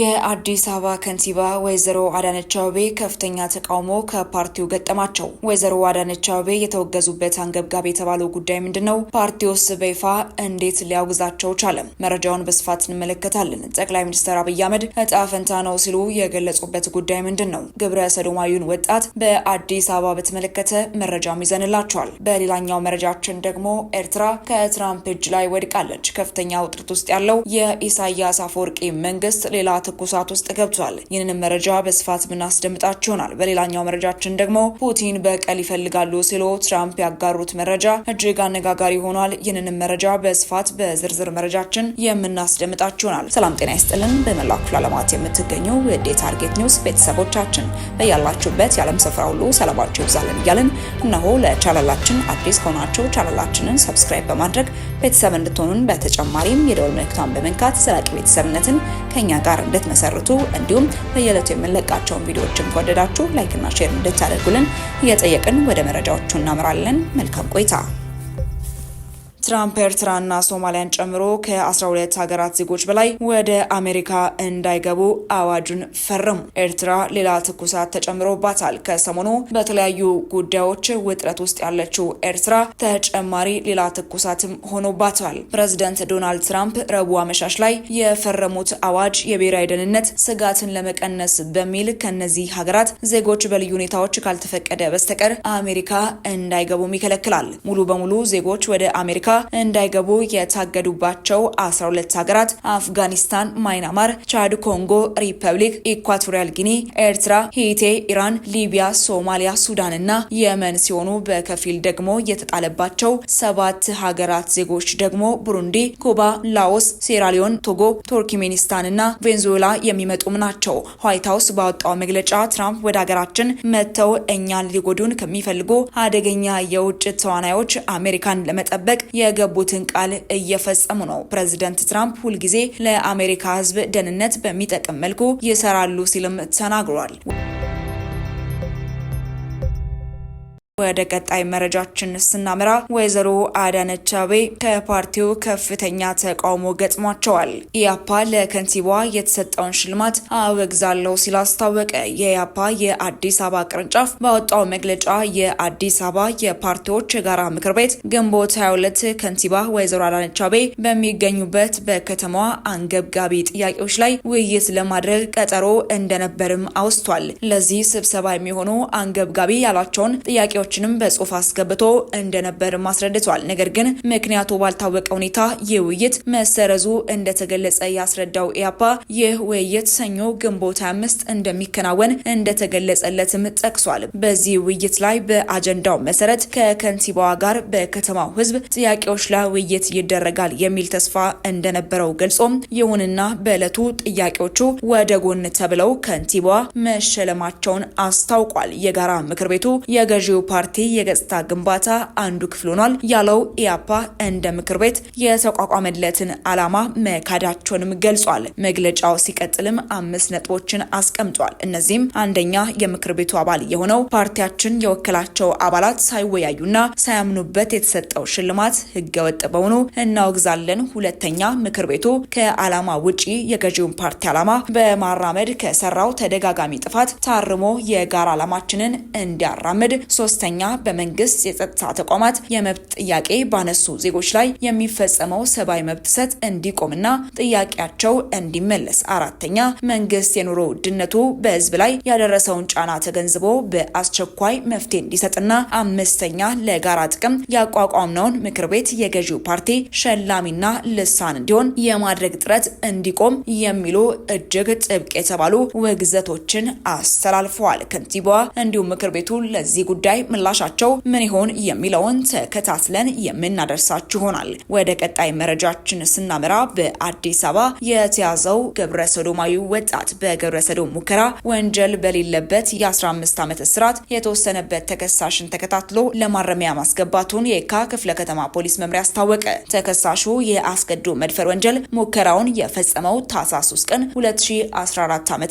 የአዲስ አበባ ከንቲባ ወይዘሮ አዳነች አቤቤ ከፍተኛ ተቃውሞ ከፓርቲው ገጠማቸው። ወይዘሮ አዳነች አቤቤ የተወገዙበት አንገብጋቢ የተባለው ጉዳይ ምንድን ነው? ፓርቲውስ በይፋ እንዴት ሊያውግዛቸው ቻለም? መረጃውን በስፋት እንመለከታለን። ጠቅላይ ሚኒስትር አብይ አህመድ እጣ ፈንታ ነው ሲሉ የገለጹበት ጉዳይ ምንድን ነው? ግብረ ሰዶማዊውን ወጣት በአዲስ አበባ በተመለከተ መረጃም ይዘንላቸዋል። በሌላኛው መረጃችን ደግሞ ኤርትራ ከትራምፕ እጅ ላይ ወድቃለች። ከፍተኛ ውጥረት ውስጥ ያለው የኢሳያስ አፈወርቂ መንግስት ሌላ ትኩሳት ውስጥ ገብቷል። ይህንንም መረጃ በስፋት ምናስደምጣችሁ ይሆናል። በሌላኛው መረጃችን ደግሞ ፑቲን በቀል ይፈልጋሉ ሲሉ ትራምፕ ያጋሩት መረጃ እጅግ አነጋጋሪ ሆኗል። ይህንንም መረጃ በስፋት በዝርዝር መረጃችን የምናስደምጣችሁ ይሆናል። ሰላም ጤና ይስጥልን። በመላው ክፍለ ዓለማት የምትገኙ የዴ ታርጌት ኒውስ ቤተሰቦቻችን በያላችሁበት የዓለም ስፍራ ሁሉ ሰላማችሁ ይብዛልን እያልን እነሆ ለቻናላችን አዲስ ከሆናችሁ ቻናላችንን ሰብስክራይብ በማድረግ ቤተሰብ እንድትሆኑን በተጨማሪም የደወል ምልክቷን በመንካት ዘላቂ ቤተሰብነትን ከእኛ ጋር እንድትመሰርቱ እንዲሁም በየዕለቱ የምንለቃቸውን ቪዲዮዎችን ከወደዳችሁ ላይክና ሼር እንድታደርጉልን እየጠየቅን ወደ መረጃዎቹ እናምራለን። መልካም ቆይታ ትራምፕ ኤርትራና ሶማሊያን ጨምሮ ከ12 ሀገራት ዜጎች በላይ ወደ አሜሪካ እንዳይገቡ አዋጁን ፈረሙ። ኤርትራ ሌላ ትኩሳት ተጨምሮባታል። ከሰሞኑ በተለያዩ ጉዳዮች ውጥረት ውስጥ ያለችው ኤርትራ ተጨማሪ ሌላ ትኩሳትም ሆኖባታል። ፕሬዚደንት ዶናልድ ትራምፕ ረቡዕ አመሻሽ ላይ የፈረሙት አዋጅ የብሔራዊ ደህንነት ስጋትን ለመቀነስ በሚል ከነዚህ ሀገራት ዜጎች በልዩ ሁኔታዎች ካልተፈቀደ በስተቀር አሜሪካ እንዳይገቡም ይከለክላል። ሙሉ በሙሉ ዜጎች ወደ አሜሪካ እንዳይገቡ የታገዱባቸው 12 ሀገራት አፍጋኒስታን፣ ማይናማር፣ ቻድ፣ ኮንጎ ሪፐብሊክ፣ ኢኳቶሪያል ጊኒ፣ ኤርትራ፣ ሂቴ፣ ኢራን፣ ሊቢያ፣ ሶማሊያ፣ ሱዳን እና የመን ሲሆኑ በከፊል ደግሞ የተጣለባቸው ሰባት ሀገራት ዜጎች ደግሞ ቡሩንዲ፣ ኩባ፣ ላኦስ፣ ሴራሊዮን፣ ቶጎ፣ ቱርክሜኒስታን እና ቬንዙዌላ የሚመጡም ናቸው። ዋይት ሀውስ ባወጣው መግለጫ ትራምፕ ወደ ሀገራችን መጥተው እኛን ሊጎዱን ከሚፈልጉ አደገኛ የውጭ ተዋናዮች አሜሪካን ለመጠበቅ የገቡትን ቃል እየፈጸሙ ነው። ፕሬዚደንት ትራምፕ ሁልጊዜ ለአሜሪካ ሕዝብ ደህንነት በሚጠቅም መልኩ ይሰራሉ ሲልም ተናግሯል። ወደ ቀጣይ መረጃችን ስናመራ ወይዘሮ አዳነች ከፓርቲው ከፍተኛ ተቃውሞ ገጥሟቸዋል። ኢያፓ ለከንቲባዋ የተሰጠውን ሽልማት አወግዛለሁ ሲል አስታወቀ። የኢያፓ የአዲስ አበባ ቅርንጫፍ ባወጣው መግለጫ የአዲስ አበባ የፓርቲዎች የጋራ ምክር ቤት ግንቦት 22 ከንቲባ ወይዘሮ አዳነች አቤ በሚገኙበት በከተማዋ አንገብጋቢ ጥያቄዎች ላይ ውይይት ለማድረግ ቀጠሮ እንደነበርም አውስቷል። ለዚህ ስብሰባ የሚሆኑ አንገብጋቢ ያላቸውን ጥያቄዎች ጉዳዮችንም በጽሁፍ አስገብቶ እንደነበር አስረድቷል። ነገር ግን ምክንያቱ ባልታወቀ ሁኔታ ይህ ውይይት መሰረዙ እንደተገለጸ ያስረዳው ኢያፓ ይህ ውይይት ሰኞ ግንቦት 25 እንደሚከናወን እንደተገለጸለትም ጠቅሷል። በዚህ ውይይት ላይ በአጀንዳው መሰረት ከከንቲባዋ ጋር በከተማው ህዝብ ጥያቄዎች ላይ ውይይት ይደረጋል የሚል ተስፋ እንደነበረው ገልጾም ይሁንና በዕለቱ ጥያቄዎቹ ወደ ጎን ተብለው ከንቲባዋ መሸለማቸውን አስታውቋል። የጋራ ምክር ቤቱ የገዢው ፓርቲ የገጽታ ግንባታ አንዱ ክፍል ሆኗል ያለው ኢያፓ እንደ ምክር ቤት የተቋቋመለትን ዓላማ መካዳቸውንም ገልጿል። መግለጫው ሲቀጥልም አምስት ነጥቦችን አስቀምጧል። እነዚህም አንደኛ የምክር ቤቱ አባል የሆነው ፓርቲያችን የወከላቸው አባላት ሳይወያዩና ሳያምኑበት የተሰጠው ሽልማት ህገወጥ በሆኑ እናወግዛለን። ሁለተኛ ምክር ቤቱ ከዓላማ ውጪ የገዢውን ፓርቲ ዓላማ በማራመድ ከሰራው ተደጋጋሚ ጥፋት ታርሞ የጋራ ዓላማችንን እንዲያራምድ ሶስተኛ ዳግመኛ በመንግስት የጸጥታ ተቋማት የመብት ጥያቄ ባነሱ ዜጎች ላይ የሚፈጸመው ሰብአዊ መብት ጥሰት እንዲቆምና ጥያቄያቸው እንዲመለስ። አራተኛ መንግስት የኑሮ ውድነቱ በህዝብ ላይ ያደረሰውን ጫና ተገንዝቦ በአስቸኳይ መፍትሄ እንዲሰጥና አምስተኛ ለጋራ ጥቅም ያቋቋምነውን ምክር ቤት የገዢው ፓርቲ ሸላሚና ልሳን እንዲሆን የማድረግ ጥረት እንዲቆም የሚሉ እጅግ ጥብቅ የተባሉ ውግዘቶችን አስተላልፈዋል። ከንቲባዋ እንዲሁም ምክር ቤቱ ለዚህ ጉዳይ ምላሻቸው ምን ይሆን የሚለውን ተከታትለን የምናደርሳችሁ ይሆናል። ወደ ቀጣይ መረጃችን ስናመራ በአዲስ አበባ የተያዘው ገብረ ሰዶማዊ ወጣት በገብረ ሰዶም ሙከራ ወንጀል በሌለበት የ15 ዓመት እስራት የተወሰነበት ተከሳሽን ተከታትሎ ለማረሚያ ማስገባቱን የካ ክፍለ ከተማ ፖሊስ መምሪያ አስታወቀ። ተከሳሹ የአስገዶ መድፈር ወንጀል ሙከራውን የፈጸመው ታህሳስ 3 ቀን 2014 ዓ.ም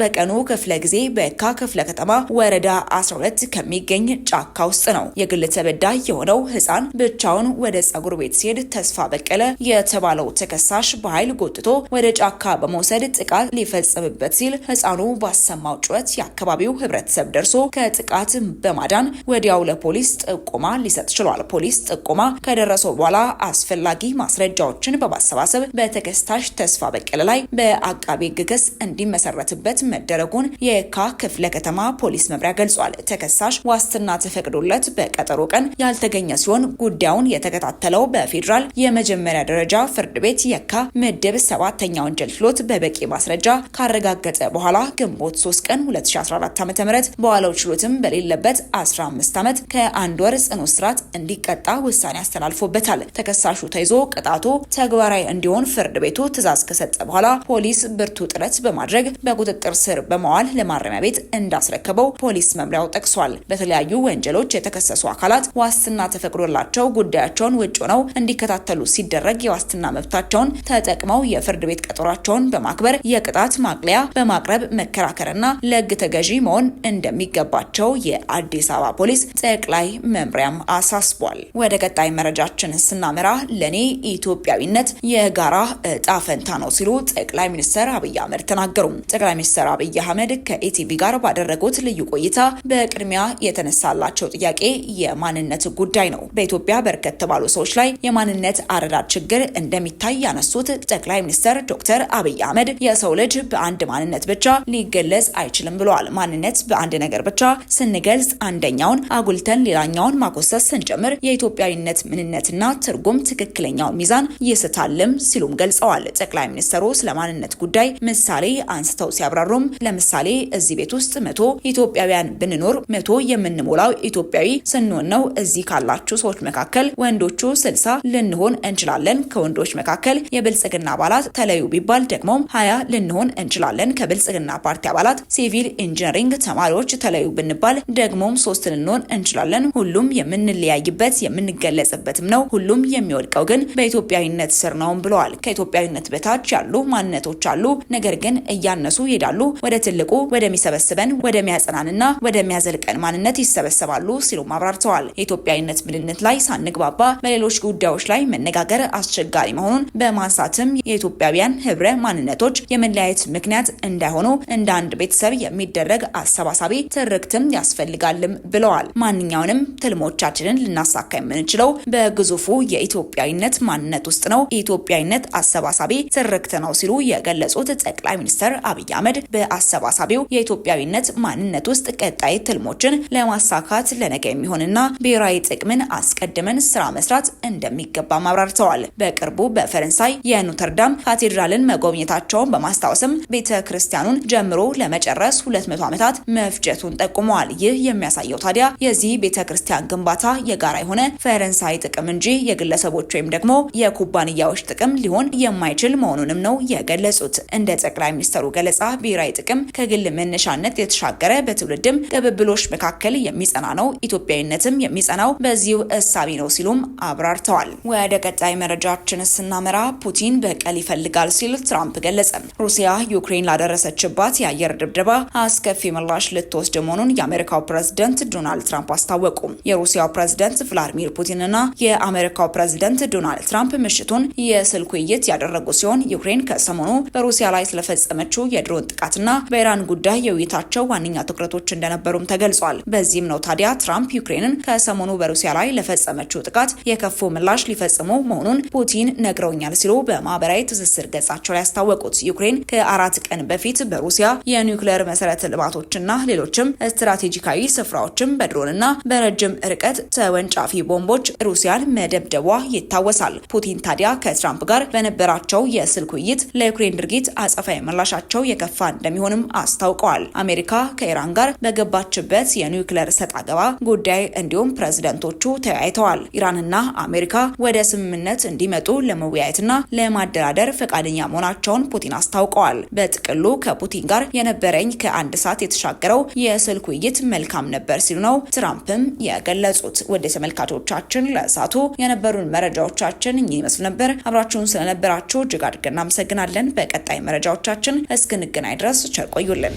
በቀኑ ክፍለ ጊዜ በካ ክፍለ ከተማ ወረዳ 12 ከሚገኝ ጫካ ውስጥ ነው። የግል ተበዳይ የሆነው ህፃን ብቻውን ወደ ጸጉር ቤት ሲሄድ ተስፋ በቀለ የተባለው ተከሳሽ በኃይል ጎትቶ ወደ ጫካ በመውሰድ ጥቃት ሊፈጸምበት ሲል ህፃኑ ባሰማው ጩኸት የአካባቢው ህብረተሰብ ደርሶ ከጥቃት በማዳን ወዲያው ለፖሊስ ጥቆማ ሊሰጥ ችሏል። ፖሊስ ጥቆማ ከደረሰው በኋላ አስፈላጊ ማስረጃዎችን በማሰባሰብ በተከሳሽ ተስፋ በቀለ ላይ በአቃቤ ህግ ክስ እንዲመሰረትበት መደረጉን የካ ክፍለ ከተማ ፖሊስ መምሪያ ገልጿል። ተከሳሽ ዋስትና ዋስትና ተፈቅዶለት በቀጠሮ ቀን ያልተገኘ ሲሆን ጉዳዩን የተከታተለው በፌዴራል የመጀመሪያ ደረጃ ፍርድ ቤት የካ ምድብ ሰባተኛ ወንጀል ችሎት በበቂ ማስረጃ ካረጋገጠ በኋላ ግንቦት 3 ቀን 2014 ዓ.ም በዋለው ችሎትም በሌለበት 15 ዓመት ከአንድ ወር ጽኑ እስራት እንዲቀጣ ውሳኔ አስተላልፎበታል። ተከሳሹ ተይዞ ቅጣቱ ተግባራዊ እንዲሆን ፍርድ ቤቱ ትዕዛዝ ከሰጠ በኋላ ፖሊስ ብርቱ ጥረት በማድረግ በቁጥጥር ስር በመዋል ለማረሚያ ቤት እንዳስረከበው ፖሊስ መምሪያው ጠቅሷል። በተለያዩ ወንጀሎች የተከሰሱ አካላት ዋስትና ተፈቅዶላቸው ጉዳያቸውን ውጭ ሆነው እንዲከታተሉ ሲደረግ የዋስትና መብታቸውን ተጠቅመው የፍርድ ቤት ቀጠሯቸውን በማክበር የቅጣት ማቅለያ በማቅረብ መከራከርና ለሕግ ተገዢ መሆን እንደሚገባቸው የአዲስ አበባ ፖሊስ ጠቅላይ መምሪያም አሳስቧል። ወደ ቀጣይ መረጃችን ስናመራ ለእኔ ኢትዮጵያዊነት የጋራ እጣ ፈንታ ነው ሲሉ ጠቅላይ ሚኒስትር አብይ አህመድ ተናገሩ። ጠቅላይ ሚኒስትር አብይ አህመድ ከኢቲቪ ጋር ባደረጉት ልዩ ቆይታ በቅድሚያ የተነሳ ያነሳላቸው ጥያቄ የማንነት ጉዳይ ነው። በኢትዮጵያ በርከት ባሉ ሰዎች ላይ የማንነት አረዳድ ችግር እንደሚታይ ያነሱት ጠቅላይ ሚኒስትር ዶክተር አብይ አህመድ የሰው ልጅ በአንድ ማንነት ብቻ ሊገለጽ አይችልም ብለዋል። ማንነት በአንድ ነገር ብቻ ስንገልጽ አንደኛውን አጉልተን ሌላኛውን ማኮሰስ ስንጀምር የኢትዮጵያዊነት ምንነትና ትርጉም ትክክለኛውን ሚዛን ይስታልም ሲሉም ገልጸዋል። ጠቅላይ ሚኒስትሩ ስለ ማንነት ጉዳይ ምሳሌ አንስተው ሲያብራሩም ለምሳሌ እዚህ ቤት ውስጥ መቶ ኢትዮጵያውያን ብንኖር መቶ የምንሞላ ኖላው ኢትዮጵያዊ ስንሆን ነው። እዚህ ካላችሁ ሰዎች መካከል ወንዶቹ ስልሳ ልንሆን እንችላለን። ከወንዶች መካከል የብልጽግና አባላት ተለዩ ቢባል ደግሞ ሀያ ልንሆን እንችላለን። ከብልጽግና ፓርቲ አባላት ሲቪል ኢንጂነሪንግ ተማሪዎች ተለዩ ብንባል ደግሞም ሶስት ልንሆን እንችላለን። ሁሉም የምንለያይበት የምንገለጽበትም ነው። ሁሉም የሚወድቀው ግን በኢትዮጵያዊነት ስር ነውም ብለዋል። ከኢትዮጵያዊነት በታች ያሉ ማንነቶች አሉ፣ ነገር ግን እያነሱ ይሄዳሉ። ወደ ትልቁ ወደሚሰበስበን ወደሚያጸናንና ወደሚያዘልቀን ማንነት ይሰበስባል ይሰበሰባሉ ሲሉም አብራርተዋል። የኢትዮጵያዊነት ምንነት ላይ ሳንግባባ በሌሎች ጉዳዮች ላይ መነጋገር አስቸጋሪ መሆኑን በማንሳትም የኢትዮጵያውያን ህብረ ማንነቶች የመለያየት ምክንያት እንዳይሆኑ እንደ አንድ ቤተሰብ የሚደረግ አሰባሳቢ ትርክትም ያስፈልጋልም ብለዋል። ማንኛውንም ትልሞቻችንን ልናሳካ የምንችለው በግዙፉ የኢትዮጵያዊነት ማንነት ውስጥ ነው። የኢትዮጵያዊነት አሰባሳቢ ትርክት ነው ሲሉ የገለጹት ጠቅላይ ሚኒስትር አብይ አህመድ በአሰባሳቢው የኢትዮጵያዊነት ማንነት ውስጥ ቀጣይ ትልሞችን ለማሳ ማሳካት ለነገ የሚሆንና ብሔራዊ ጥቅምን አስቀድመን ስራ መስራት እንደሚገባ አብራርተዋል። በቅርቡ በፈረንሳይ የኖተርዳም ካቴድራልን መጎብኘታቸውን በማስታወስም ቤተ ክርስቲያኑን ጀምሮ ለመጨረስ 200 ዓመታት መፍጀቱን ጠቁመዋል። ይህ የሚያሳየው ታዲያ የዚህ ቤተ ክርስቲያን ግንባታ የጋራ የሆነ ፈረንሳይ ጥቅም እንጂ የግለሰቦች ወይም ደግሞ የኩባንያዎች ጥቅም ሊሆን የማይችል መሆኑንም ነው የገለጹት። እንደ ጠቅላይ ሚኒስትሩ ገለጻ ብሔራዊ ጥቅም ከግል መነሻነት የተሻገረ በትውልድም ቅብብሎች መካከል የሚ የሚጸና ነው። ኢትዮጵያዊነትም የሚጸናው በዚሁ እሳቤ ነው ሲሉም አብራርተዋል። ወደ ቀጣይ መረጃችን ስናመራ ፑቲን በቀል ይፈልጋል ሲል ትራምፕ ገለጸ። ሩሲያ ዩክሬን ላደረሰችባት የአየር ድብደባ አስከፊ ምላሽ ልትወስድ መሆኑን የአሜሪካው ፕሬዝደንት ዶናልድ ትራምፕ አስታወቁ። የሩሲያው ፕሬዝደንት ቭላዲሚር ፑቲን የአሜሪካው ፕሬዝደንት ዶናልድ ትራምፕ ምሽቱን የስልክ ውይይት ያደረጉ ሲሆን ዩክሬን ከሰሞኑ በሩሲያ ላይ ስለፈጸመችው የድሮን ጥቃትና በኢራን ጉዳይ የውይይታቸው ዋነኛ ትኩረቶች እንደነበሩም ተገልጿል። በዚህም ነው። ታዲያ ትራምፕ ዩክሬንን ከሰሞኑ በሩሲያ ላይ ለፈጸመችው ጥቃት የከፉ ምላሽ ሊፈጽሙ መሆኑን ፑቲን ነግረውኛል ሲሉ በማህበራዊ ትስስር ገጻቸው ላይ ያስታወቁት ዩክሬን ከአራት ቀን በፊት በሩሲያ የኒውክሌር መሰረተ ልማቶችና ሌሎችም ስትራቴጂካዊ ስፍራዎችም በድሮንና በረጅም ርቀት ተወንጫፊ ቦምቦች ሩሲያን መደብደቧ ይታወሳል። ፑቲን ታዲያ ከትራምፕ ጋር በነበራቸው የስልክ ውይይት ለዩክሬን ድርጊት አጸፋዊ ምላሻቸው የከፋ እንደሚሆንም አስታውቀዋል። አሜሪካ ከኢራን ጋር በገባችበት የኒውክሌር ሰጥ አገባ ጉዳይ እንዲሁም ፕሬዝደንቶቹ ተያይተዋል። ኢራንና አሜሪካ ወደ ስምምነት እንዲመጡ ለመወያየትና ለማደራደር ፈቃደኛ መሆናቸውን ፑቲን አስታውቀዋል። በጥቅሉ ከፑቲን ጋር የነበረኝ ከአንድ ሰዓት የተሻገረው የስልክ ውይይት መልካም ነበር ሲሉ ነው ትራምፕም የገለጹት። ወደ ተመልካቾቻችን ለእሳቱ የነበሩን መረጃዎቻችን እኚህ ይመስሉ ነበር። አብራችሁን ስለነበራችሁ እጅግ አድርገን እናመሰግናለን። በቀጣይ መረጃዎቻችን እስክንገናኝ ድረስ ቸር ቆዩልን።